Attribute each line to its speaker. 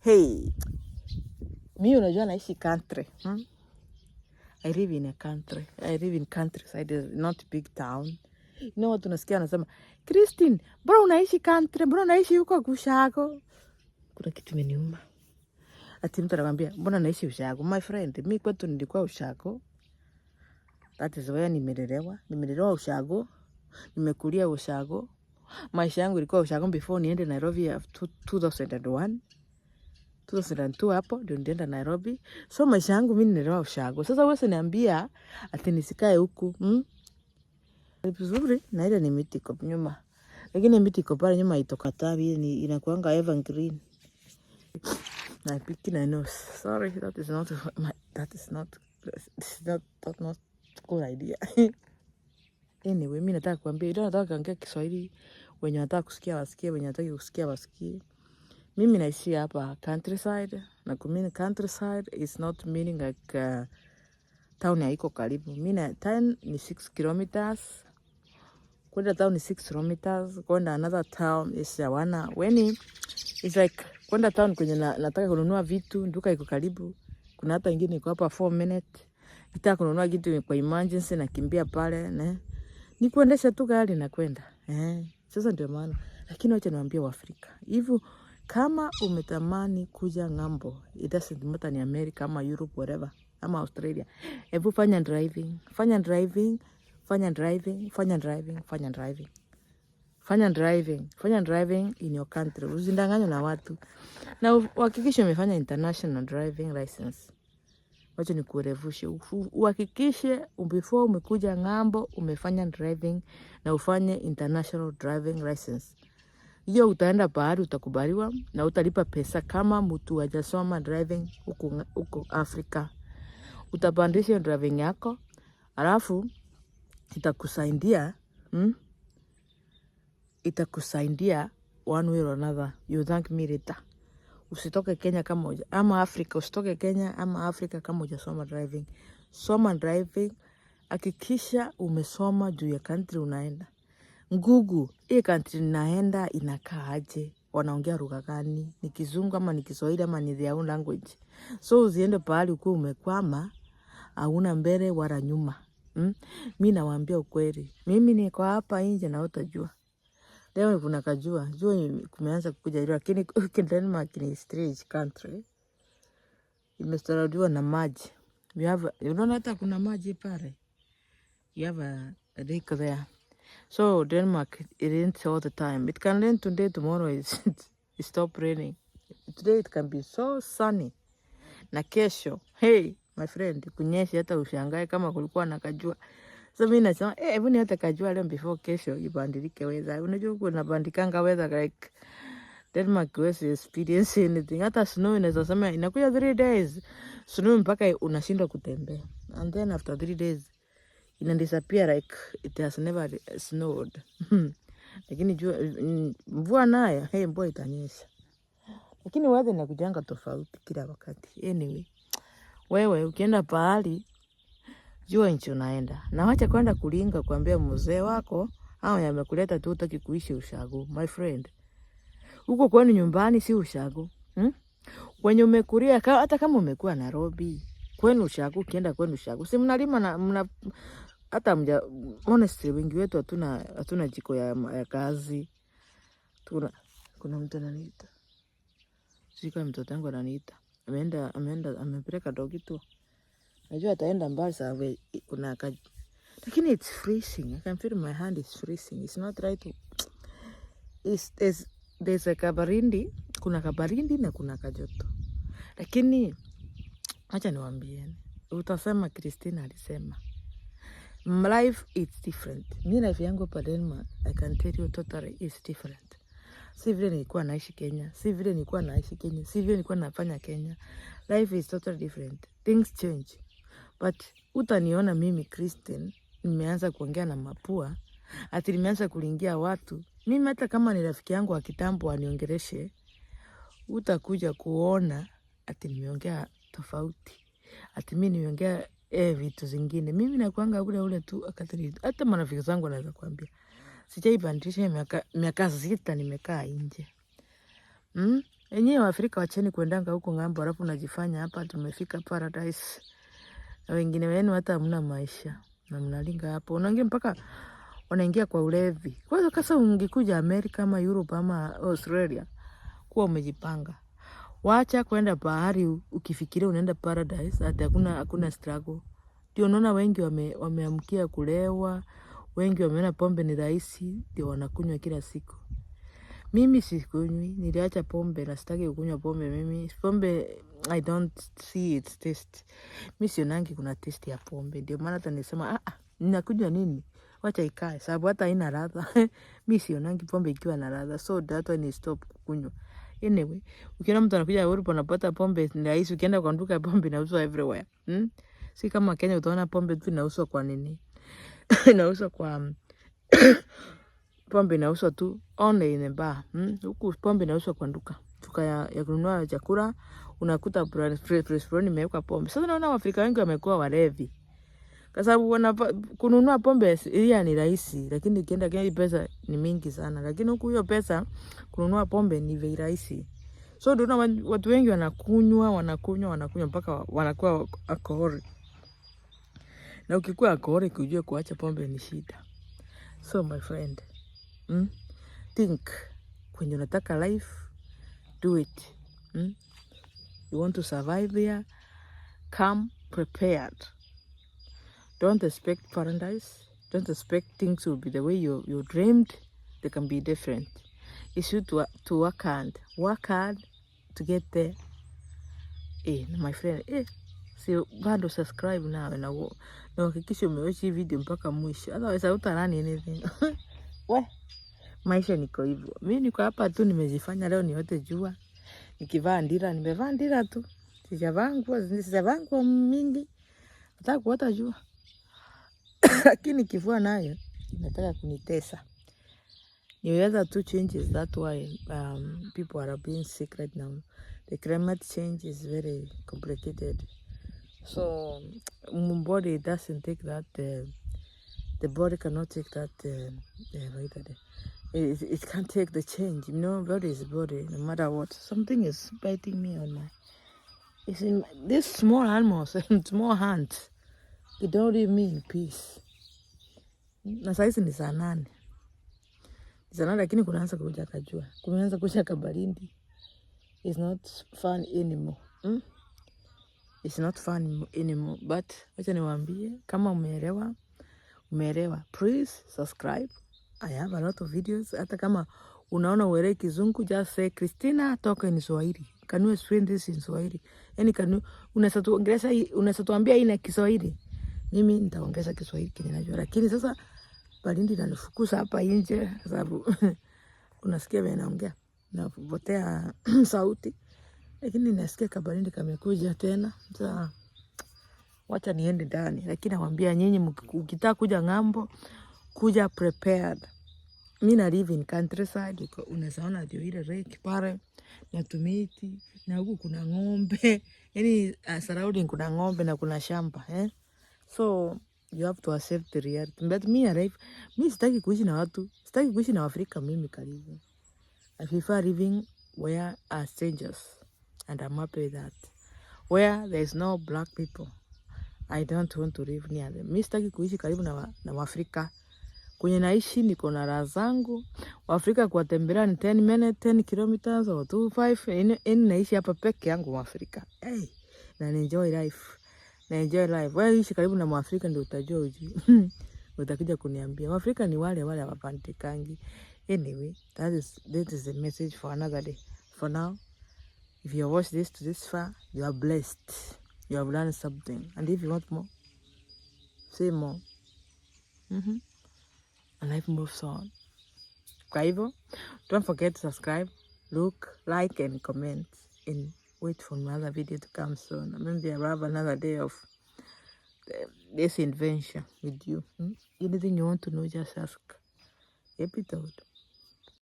Speaker 1: Hey, mi unajua naishi country hmm? I live in a country. I live in countryside, not big town. You know, what unasikia anasema, Christine, mbona unaishi country? Mbona unaishi huko kushako? Kuna kitu imeniuma. Ati mtu anakuambia, mbona naishi ushako? My friend, mi kwetu nilikuwa ushako. That is where nimelelewa. Nimelelewa Ushago. Nimekulia Ushago. Maisha yangu ilikuwa Ushago before niende Nairobi 2001. 2002 hapo ndio nilienda Nairobi. So maisha yangu mimi nilelewa ushago. Sasa wewe usiniambia ati nisikae huku. Mm? Ni vizuri na ile ni miti iko nyuma. Lakini miti iko pale nyuma itokata ni inakuanga evergreen. Na piki na nose. Sorry, that is not my, that is not this is not that's not good idea. Anyway, mimi nataka kuambia, ndio nataka kuongea Kiswahili wenye wanataka kusikia wasikie, wenye wanataka kusikia wasikie. Mimi naishi hapa countryside na kumini countryside is not meaning like uh, town haiko karibu. Mimi na town ni 6 kilometers. Kwenda town ni 6 kilometers. Kwenda another town is hawana. Weni is like kwenda town kwenye na, nataka kununua vitu duka iko karibu. Kuna hata ingine iko hapa 4 minute. Nitaka kununua kitu kwa emergency na kimbia pale ne. Ni kuendesha tu gari na kwenda. Eh. Sasa ndio maana. Lakini wacha niwaambie Waafrika. Hivyo kama umetamani kuja ng'ambo, it doesn't matter ni America ama Europe whatever ama Australia. Hebu fanya driving, fanya driving, fanya driving, fanya driving, fanya driving. Fanya driving, fanya driving in your country. Usindanganywe na watu. Na uhakikishe umefanya international driving license. Wacha nikurevushe. Uhakikishe before umekuja ng'ambo umefanya driving na ufanye international driving license hiyo utaenda pahali utakubaliwa na utalipa pesa kama mtu hajasoma driving huku huku Afrika. Utapandisha driving yako, alafu itakusaidia hmm? Itakusaidia one way or another, you thank me later. Usitoke Kenya kama uja, ama Afrika usitoke Kenya ama Afrika kama hujasoma driving. Soma driving, hakikisha umesoma juu ya country unaenda Ngugu ile country naenda inakaaje? Wanaongea lugha gani? Ni Kizungu ama ni Kiswahili ama ni their own language? So uziende pahali ukuwa umekwama, hauna mbele wala nyuma. Mm? Mi nawaambia ukweli, mimi niko hapa nje na utajua leo kuna kajua jua kumeanza kukuja, lakini Denmark ni strange country, imestaraudiwa na maji. You have, Unaona hata kuna maji pale, you have a lake there So Denmark, it rains all the time. It can rain today, tomorrow it, it stop raining. Today it can be so sunny na kesho, hey my friend, kunyesha hata ushangae kama kulikuwa na kajua. So mimi nasema eh, hebu ni hata kajua leo before kesho ibadilike weather. Unajua uko nabandikanga weather like Denmark was experience anything. Hata snow inaweza sema inakuja 3 days. Snow mpaka unashindwa kutembea. And then after 3 days ina disappear like it has never snowed. Lakini jua mvua nayo, hey, mvua itanyesha, lakini weather inakujanga tofauti kila wakati. Anyway, wewe ukienda pahali jua nchi unaenda na wacha kwenda kulinga kuambia mzee wako au yamekuleta tu, utaki kuishi ushago my friend. Huko kwenu nyumbani si ushago hmm? Kwenye umekulia hata kama umekuwa Nairobi, kwenu ushago, ukienda kwenu ushago si mnalima na mna hata mja honestly, wengi wetu hatuna hatuna jiko ya, ya kazi tuna. Kuna mtu ananiita sika, mtoto wangu ananiita, ameenda ameenda amepeleka dogi tu, najua ataenda mbali sababu kuna kaji, lakini it's freezing. I can feel my hand is freezing, it's not right to is there's, there's a kabarindi, kuna kabarindi na kuna kajoto, lakini acha niwaambieni, utasema Christina alisema life is different. Mi life yangu pa Denmark, I can tell you totally is different. Si vile nilikuwa naishi Kenya, si vile nilikuwa naishi Kenya, si vile nilikuwa nafanya Kenya. Life is totally different. Things change. But utaniona mimi Christian nimeanza kuongea na mapua, ati nimeanza kulingia watu. Mimi hata kama ni rafiki yangu wa kitambo aniongeleshe, utakuja kuona ati nimeongea tofauti. Ati mimi niongea eh, vitu zingine. Mimi nakuanga ule ule tu akadiri. Hata marafiki zangu anaweza kuambia sijaipandisha miaka miaka sita nimekaa nje. Mm? Enyewe Waafrika wacheni kuendanga huko ng'ambo, alafu najifanya hapa tumefika paradise. Na wengine wenu hata hamna maisha na mnalinga hapo. unaingia mpaka wanaingia kwa ulevi. Kwa hiyo sasa ungekuja Amerika ama Europe ama Australia kuwa umejipanga. Wacha kwenda bahari ukifikiria unaenda paradise, hata hakuna hakuna struggle. Ndio unaona wengi wame, wameamkia kulewa, wengi wameona pombe ni rahisi, ndio wanakunywa kila siku. Mimi sikunywi, niliacha pombe na sitaki kukunywa pombe mimi. Pombe I don't see its taste. Mi sionangi kuna taste ya pombe. Ndio maana hata nisema ah, ah ninakunywa nini? Wacha ikae sababu hata haina ladha. Mi sionangi pombe ikiwa na ladha. So that one ni stop kukunywa. Anyway, ukiona mtu anakuja Europe anapata pombe ni rahisi, ukienda kwa duka ya pombe inauzwa everywhere. Hmm? Si kama Kenya utaona pombe tu inauzwa kwa nini? inauzwa kwa pombe inauzwa tu only in a bar. Hmm? Huku pombe inauzwa kwa duka. Duka ya, ya kununua chakula unakuta freshfroni imewekwa pombe. Sasa naona Waafrika wengi wamekuwa walevi kwa sababu wana kununua pombe asilia ni rahisi, lakini ukienda Kenya pesa ni mingi sana, lakini huku hiyo pesa kununua pombe ni vei rahisi. So ndio watu wengi wanakunywa wanakunywa wanakunywa mpaka wanakuwa akohori, na ukikuwa akohori kujue kuacha pombe ni shida. So my friend, mm, think kwenye unataka life, do it mm. You want to survive here, come prepared Don't expect paradise. Don't expect things will be the way you, you dreamed. They can be different. It's you to, to work hard. Work hard to get there. Eh, my friend, eh, si bado subscribe nawe na hakikisha umewacha hii video mpaka mwisho. Otherwise hautarani anything. We, maisha niko hivyo. Mimi niko hapa tu nimejifanya leo niote jua. Nikivaa ndira, nimevaa ndira tu. Sijavaa nguo, sijavaa nguo mingi. Nataka kuota jua. lakini kivua nayo inataka kunitesa. You two changes that's why um, people are being sick right now. The climate change is very complicated. So um, body doesn't take that uh, the body cannot take that uh, uh, it, it can't take the change. You know, body is body no matter what. Something is biting me on my it's in my, small animals and small hands. It don't leave me in peace. Na saizi ni saa nane, ni saa nane lakini kunaanza kuja kajua, kumeanza kuja kabarindi. It's not fun anymore. Hmm? It's not fun anymore. But wacha niwaambie kama umeelewa, umeelewa. Please subscribe. I have a lot of videos. Hata kama unaona uelewi kizungu, just say Christina, talk in Swahili. Can you explain this in Swahili? Yaani can you unaweza tuambia hii na Kiswahili? mimi nitaongeza Kiswahili kile najua, lakini sasa Balindi nalifukuza hapa nje, sababu unasikia vile naongea na kupotea sauti, lakini nasikia kabalindi kamekuja tena. Sasa wacha niende ndani, lakini nawaambia nyinyi, ukitaka kuja ng'ambo, kuja prepared. Mimi na live in countryside, unaweza ona ndio ile reki pale na tumiti na huku kuna ng'ombe, yani ah, surrounding kuna ng'ombe na kuna shamba eh So you have to accept the reality. But me na life, mi sitaki kuishi na watu, sitaki kuishi na Afrika mimi karibu. I prefer living where are strangers and I'm happy with that. Where there is no black people. I don't want to live near them. Mi sitaki kuishi karibu na, wa, na Waafrika. Kwenye naishi niko na raha zangu. Waafrika kuwatembelea ni 10 minutes, 10 kilometers or 25. Yaani, yaani naishi hapa peke yangu Waafrika. Hey, na enjoy life na enjoy life. Wewe ishi karibu na Mwafrika ndio utajua uji. Utakuja kuniambia. Mwafrika ni wale wale hawapatikangi. Anyway, that is that is a message for another day. For now, if you watch this to this far, you are blessed. You have learned something. And if you want more, say more. Mm-hmm. And life moves on. Kwa hivyo, don't forget to subscribe, look, like and comment in wait for another video to come soon. Maybe I'll have another day of eh, this adventure with you. Hmm? Anything you want to know, just ask. Episode.